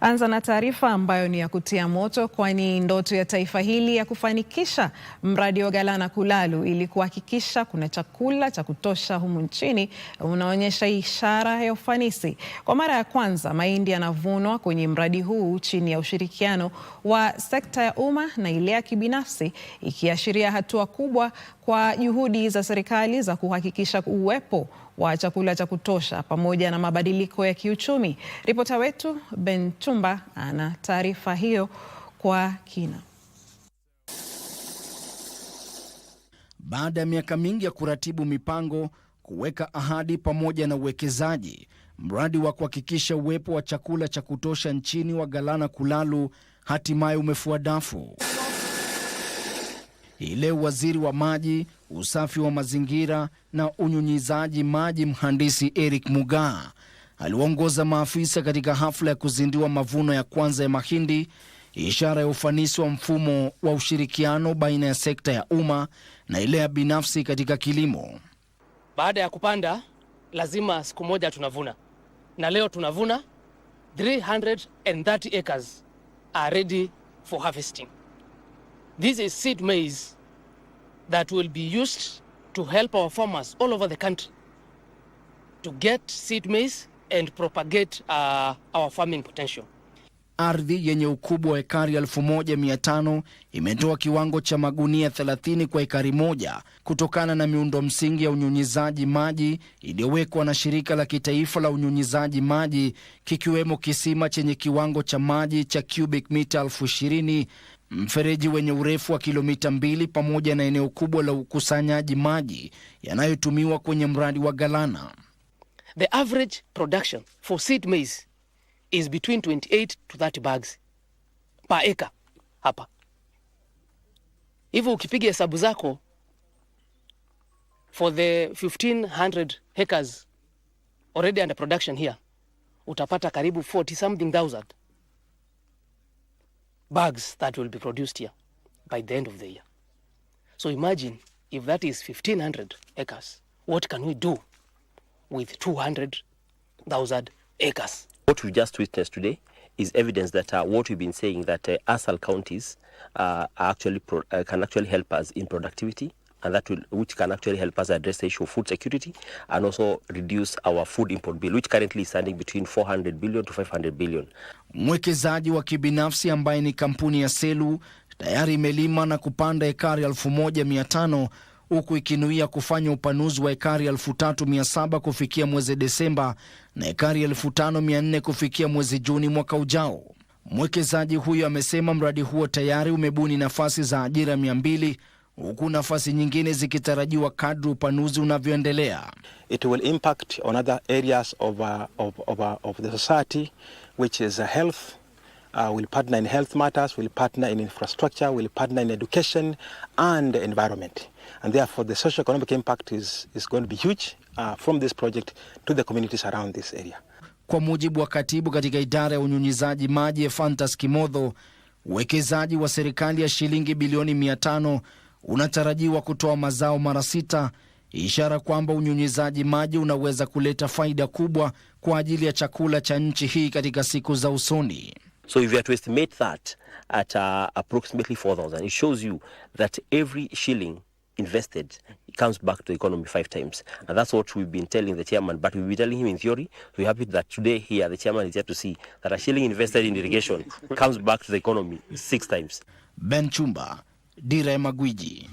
Anza na taarifa ambayo ni ya kutia moto, kwani ndoto ya taifa hili ya kufanikisha mradi wa Galana Kulalu ili kuhakikisha kuna chakula cha kutosha humu nchini unaonyesha ishara ya ufanisi. Kwa mara ya kwanza mahindi yanavunwa kwenye mradi huu chini ya ushirikiano wa sekta ya umma na ile ya kibinafsi, ikiashiria hatua kubwa kwa juhudi za serikali za kuhakikisha uwepo wa chakula cha kutosha pamoja na mabadiliko ya kiuchumi. Ripota wetu Ben Chumba ana taarifa hiyo kwa kina. Baada ya miaka mingi ya kuratibu mipango, kuweka ahadi pamoja na uwekezaji, mradi wa kuhakikisha uwepo wa chakula cha kutosha nchini wa Galana Kulalu hatimaye umefua dafu hii leo waziri wa maji, usafi wa mazingira na unyunyizaji maji Mhandisi Eric Mugaa aliwaongoza maafisa katika hafla ya kuzindua mavuno ya kwanza ya mahindi, ishara ya ufanisi wa mfumo wa ushirikiano baina ya sekta ya umma na ile ya binafsi katika kilimo. Baada ya kupanda, lazima siku moja tunavuna, na leo tunavuna 330 acres are ready for harvesting. This is seed maize that will be used to help our farmers all over the country to get seed maize and propagate uh, our farming potential. Ardhi yenye ukubwa wa ekari 1500 imetoa kiwango cha magunia 30 kwa ekari moja kutokana na miundo msingi ya unyunyizaji maji iliyowekwa na shirika la kitaifa la unyunyizaji maji, kikiwemo kisima chenye kiwango cha maji cha cubic mita Mfereji wenye urefu wa kilomita mbili pamoja na eneo kubwa la ukusanyaji maji yanayotumiwa kwenye mradi wa Galana. The average production for seed maize is between 28 to 30 bags per acre hapa. Hivyo ukipiga hesabu zako for the 1500 hectares already under production here utapata karibu 40 something thousand bags that will be produced here by the end of the year. So imagine if that is 1500 acres, what can we do with 200,000 acres? What we just witnessed today is evidence that uh, what we've been saying that uh, ASAL counties uh, actually pro- uh, can actually help us in productivity and that will, which can actually help us address the issue of food security and also reduce our food import bill which currently is standing between 400 billion to 500 billion. Mwekezaji wa kibinafsi ambaye ni kampuni ya Selu tayari imelima na kupanda ekari 1500 huku ikinuia kufanya upanuzi wa ekari 3700 kufikia mwezi Desemba na ekari 5400 kufikia mwezi Juni mwaka ujao. Mwekezaji huyo amesema mradi huo tayari umebuni nafasi za ajira 200 huku nafasi nyingine zikitarajiwa kadri upanuzi unavyoendelea. It will impact on other areas of, uh, of, of, uh, of the society which is uh, health uh, partner in health matters, partner in infrastructure, partner in education and environment. And therefore the socio-economic impact is, is going to be huge uh, from this project to the communities around this area. Kwa mujibu wa katibu katika idara ya unyunyizaji maji Fantas Kimodho, uwekezaji wa serikali ya shilingi bilioni mia tano unatarajiwa kutoa mazao mara sita, ishara kwamba unyunyizaji maji unaweza kuleta faida kubwa kwa ajili ya chakula cha nchi hii katika siku za usoni. So if you are to estimate that at uh, approximately 4,000, it shows you that every shilling invested comes back to economy five times. And that's what we've been telling the chairman, but we've been telling him in theory. happy that today here the chairman is here to see that a shilling invested in irrigation comes back to the economy six times. Ben Chumba, Dira ya magwiji